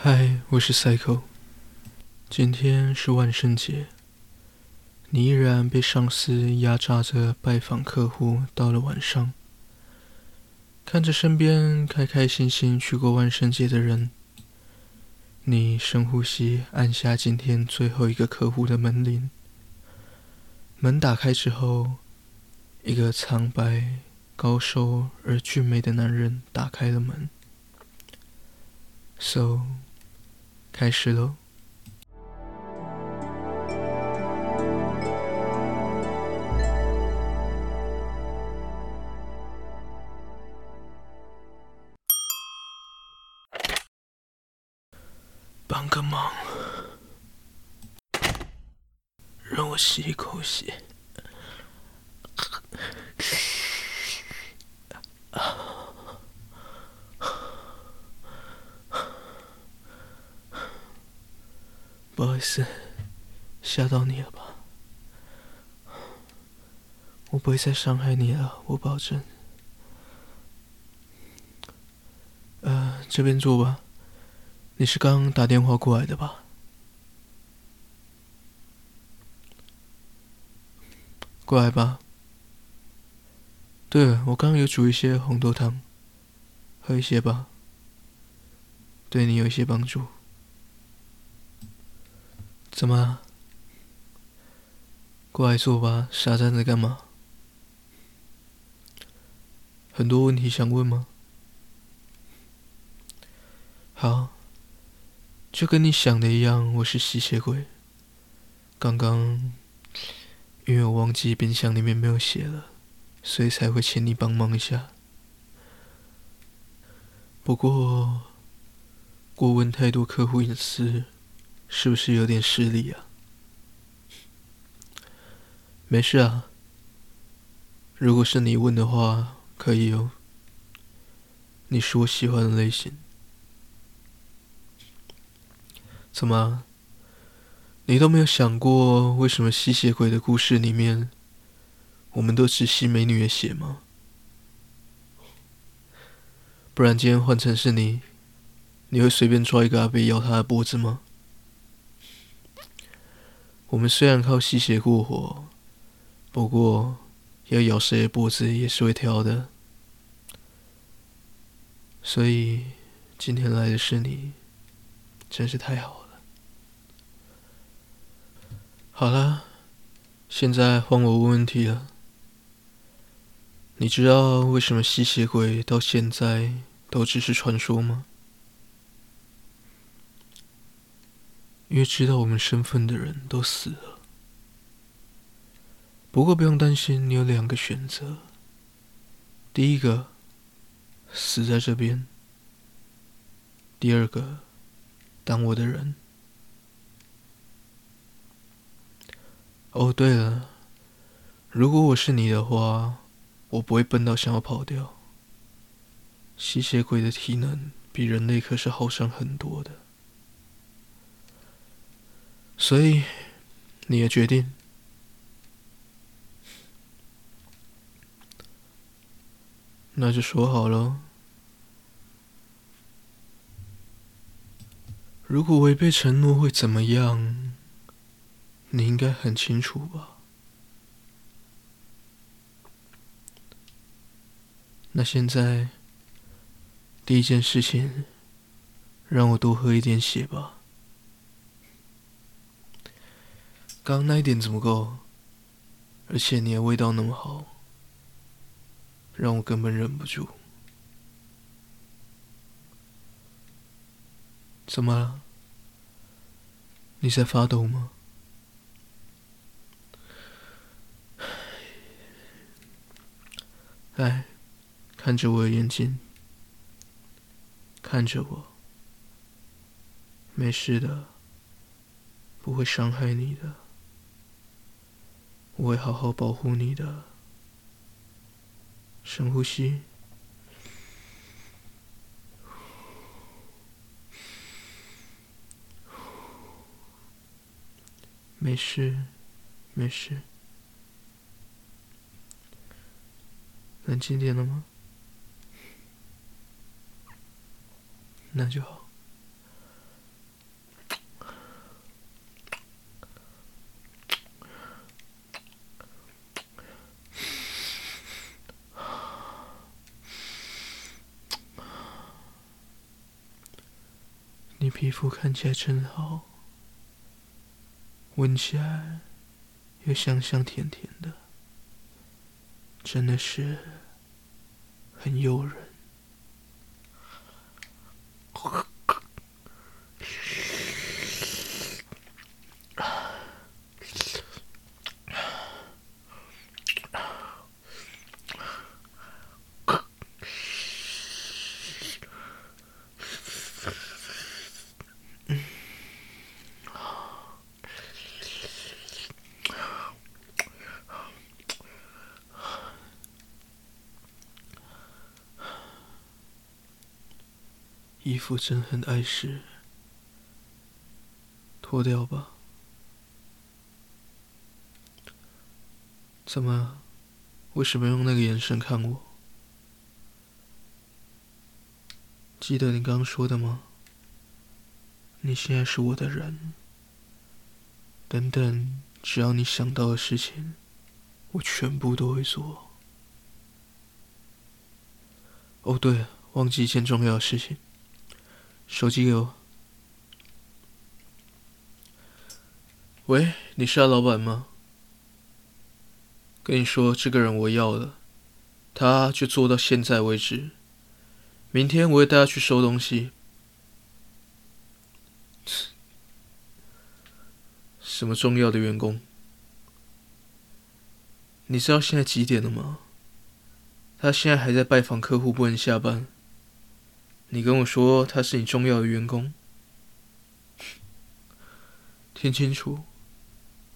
嗨，Hi, 我是 Psycho。今天是萬聖節，你依然被上司壓榨着拜訪客戶。到了晚上，看着身邊開開心心去過萬聖節的人，你深呼吸，按下今天最後一個客戶的門鈴。門打開之後，一個蒼白、高瘦而俊美的男人打開了門。So。開始嘍。幫個忙，讓我吸一口血。不好意思，嚇到你了吧？我不會再傷害你了，我保證。呃，這邊坐吧。你是剛打電話過來的吧？過來吧。對了，我剛有煮一些紅豆湯，喝一些吧，對你有一些幫助。怎麼了？過來坐吧，傻站着幹嘛？很多問題想問嗎？好，就跟你想的一樣，我是吸血鬼。剛剛因為我忘記冰箱裡面沒有血了，所以才會請你幫忙一下。不過，過問太多客戶隱私。是不是有點失禮啊？沒事啊。如果是你問的話，可以哦。你是我喜歡的類型。怎麼啊？你都沒有想過，為什麼吸血鬼的故事裡面，我們都只吸美女的血嗎？不然今天換成是你，你會隨便抓一個阿伯咬他的脖子嗎？我們雖然靠吸血過活，不過要咬誰的脖子也是會挑的，所以今天來的是你，真是太好了。好了，現在換我問問題了。你知道為什麼吸血鬼到現在都只是傳說嗎？因為知道我們身份的人都死了。不過不用擔心，你有兩個選擇。第一個，死在這邊；第二個，當我的人。哦，對了，如果我是你的話，我不會笨到想要跑掉。吸血鬼的體能比人類可是好上很多的。所以，你的決定，那就說好了。如果違背承諾會怎麼樣？你應該很清楚吧。那現在，第一件事情，讓我多喝一點血吧。剛剛那一點怎麼夠？而且你的味道那麼好，讓我根本忍不住。怎麼了？你在發抖嗎？哎，看着我的眼睛，看着我，沒事的，不會傷害你的。我會好好保護你的。深呼吸沒，沒事，沒事，冷靜點了嗎？那就好。皮膚看起來真好，聞起來又香香甜甜的，真的是很誘人。副身很礙事，脫掉吧。怎麼？為什麼用那個眼神看我？記得你剛剛說的嗎？你現在是我的人。等等，只要你想到的事情，我全部都會做。哦，對了，忘記一件重要的事情。手機給我。喂，你是他老闆嗎？跟你說，這個人我要了，他就做到現在為止。明天我會帶他去收東西。什麼重要的員工？你知道現在幾點了嗎？他現在還在拜訪客戶，不能下班。你跟我說他是你重要的員工，聽清楚，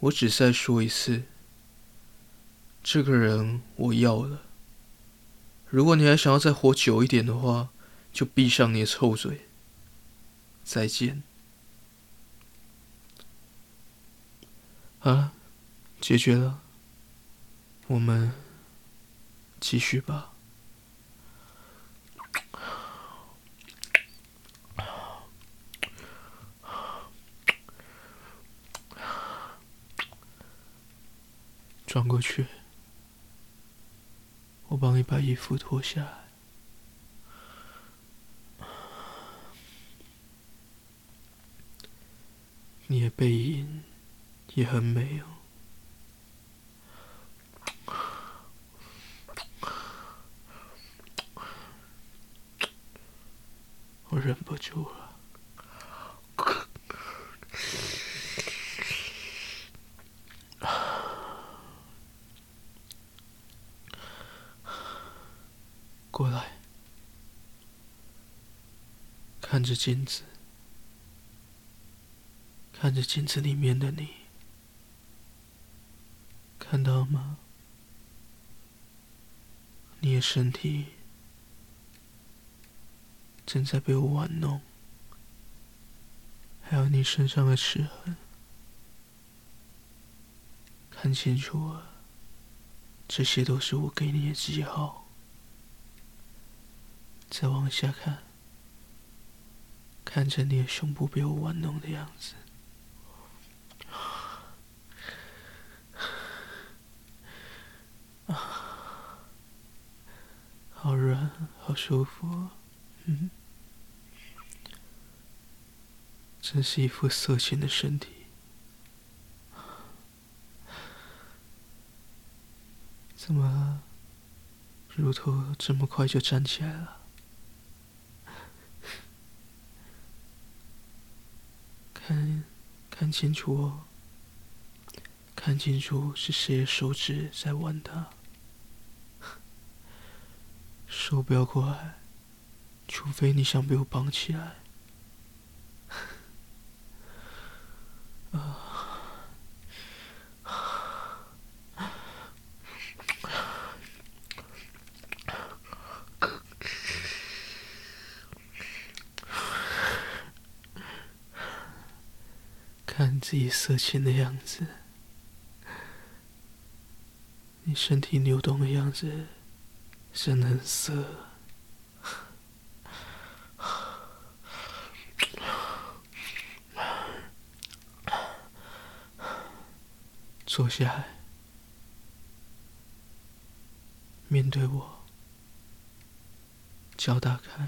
我只再說一次，這個人我要了。如果你還想要再活久一點的話，就閉上你的臭嘴。再見。好了，解決了，我們繼續吧。轉過去，我幫你把衣服脫下來。你的背影也很美哦，我忍不住了。看着鏡子，看着鏡子裡面的你，看到嗎？你的身體正在被我玩弄，還有你身上的齒痕，看清楚了，這些都是我給你的記號。再往下看。看着你的胸部被我玩弄的樣子，好軟，好舒服，啊，嗯，真是一副色情的身體。怎麼，乳頭這麼快就站起來了？看，看清楚哦。看清楚是誰的手指在玩他。手不要過來，除非你想被我綁起來。自己色情的樣子，你身體扭動的樣子，真的很色。坐下來，面對我，腳打開。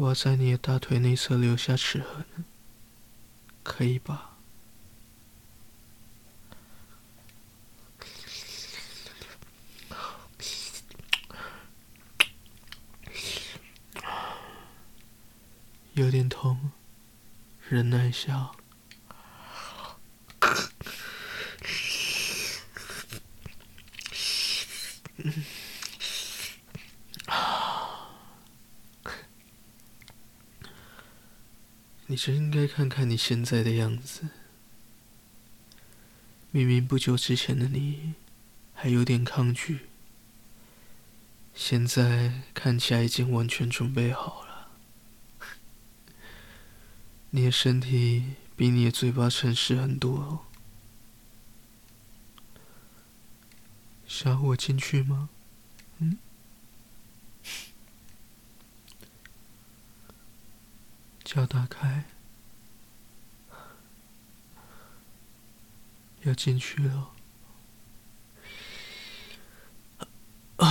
我在你的大腿內側留下齒痕，可以吧？有點痛，忍耐一下。真應該看看你現在的樣子。明明不久之前的你還有點抗拒，現在看起來已經完全準備好了。你的身體比你的嘴巴誠實很多哦。想和我進去嗎？嗯。腳打開，要進去了，啊，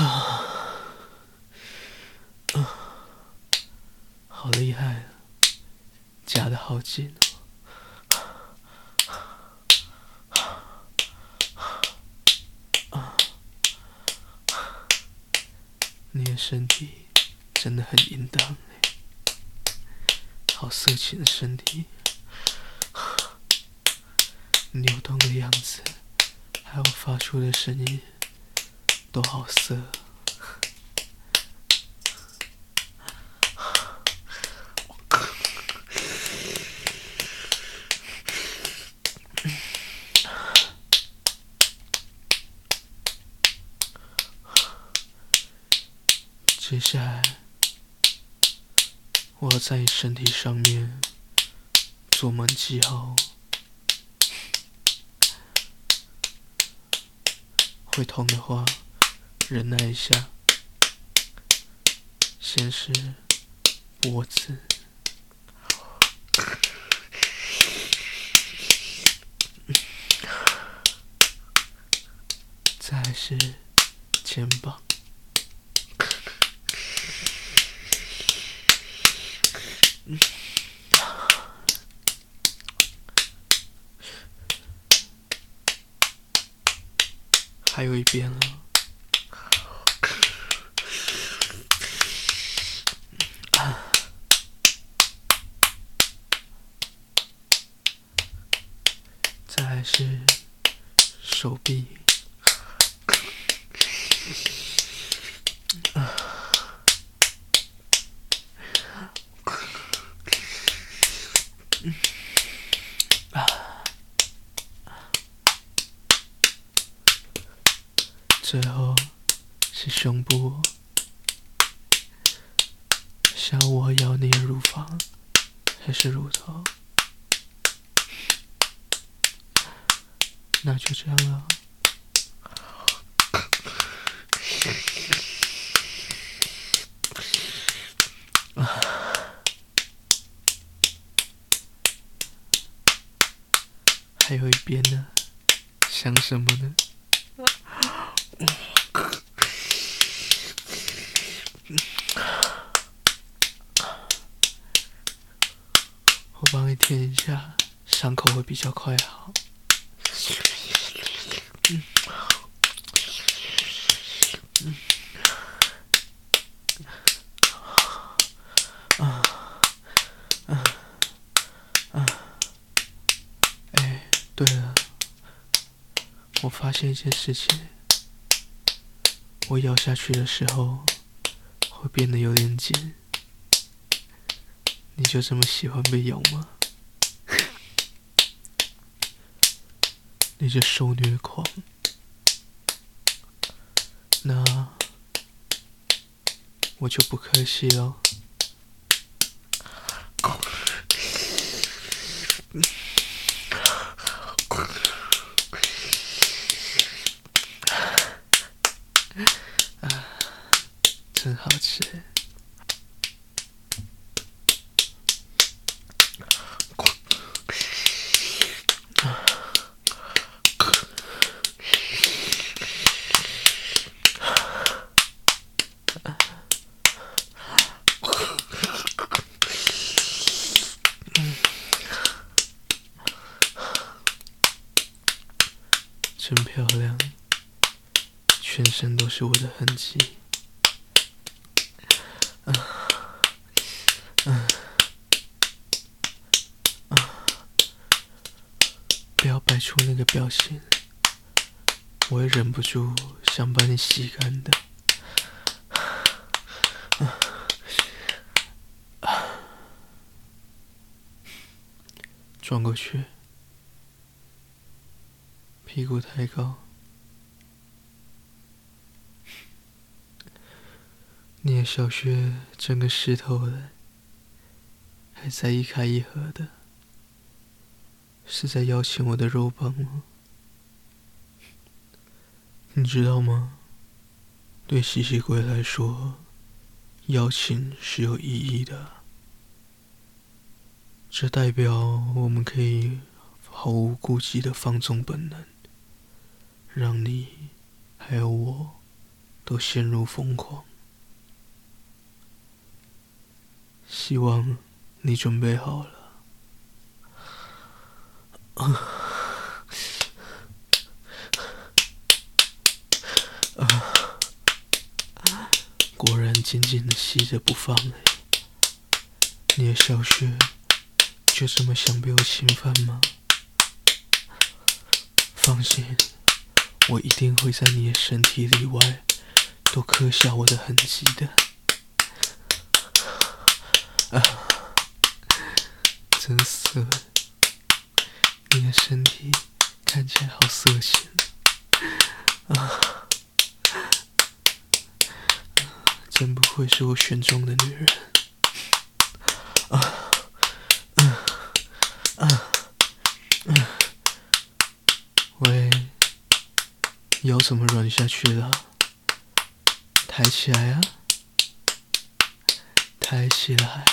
好厲害，夾的好緊哦，啊，你的身體真的很淫蕩。好色情的身體，扭動的樣子，還有發出的聲音，都好色。接下來。我要在你身體上面做滿記號，會痛的話忍耐一下。先是脖子，再是肩膀。還有一邊了，啊、再來是手臂。啊嗯最後是胸部，想我咬你的乳房還是乳頭？那就這樣了，哦。 還有一邊呢，想什麼呢？舔一下，傷口會比較快好。嗯，嗯，嗯，哎，對了，我發現一些事情，我咬下去的時候會變得有點緊。你就這麼喜歡被咬嗎？你這受虐狂，那我就不客氣了。 我的痕跡、啊啊啊，不要擺出那個表情，我會忍不住想把你吸乾的、啊啊啊。轉過去，屁股抬高。你的小穴整個濕透了，還在一開一合的，是在邀請我的肉棒嗎？你知道嗎？對吸血鬼來說，邀請是有意義的。這代表我們可以毫無顧忌的放縱本能，讓你還有我都陷入瘋狂。希望你準備好了。啊！果然緊緊的吸着不放。你的小穴就這麼想被我侵犯嗎？放心，我一定會在你的身體裡外都刻下我的痕跡的。啊，真色，你的身體看起來好色情啊。啊，真不愧是我選中的女人。啊，啊，啊啊啊，喂，腰怎麼軟下去了？抬起來啊，抬起來。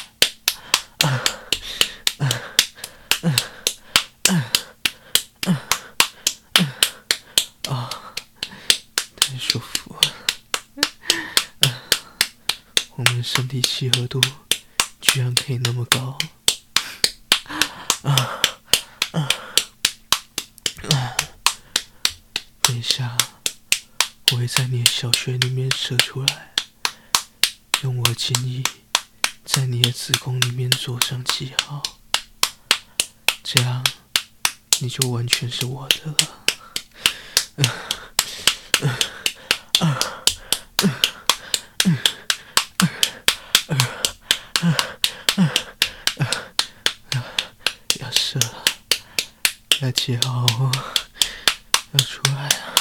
你契合度居然可以那麼高啊，啊，啊！等一下，我會在你的小穴裡面射出來，用我的精液在你的子宮裡面做上記號，這樣你就完全是我的了。啊腳好要出來了，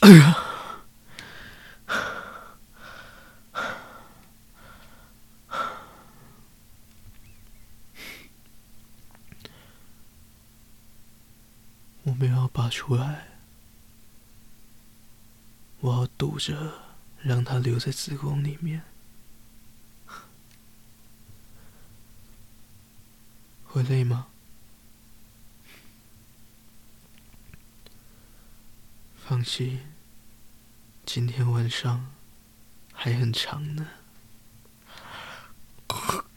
哎呀！我沒有要拔出來，我要堵着，讓它留在子宮裡面。會累嗎？放心，今天晚上還很長呢。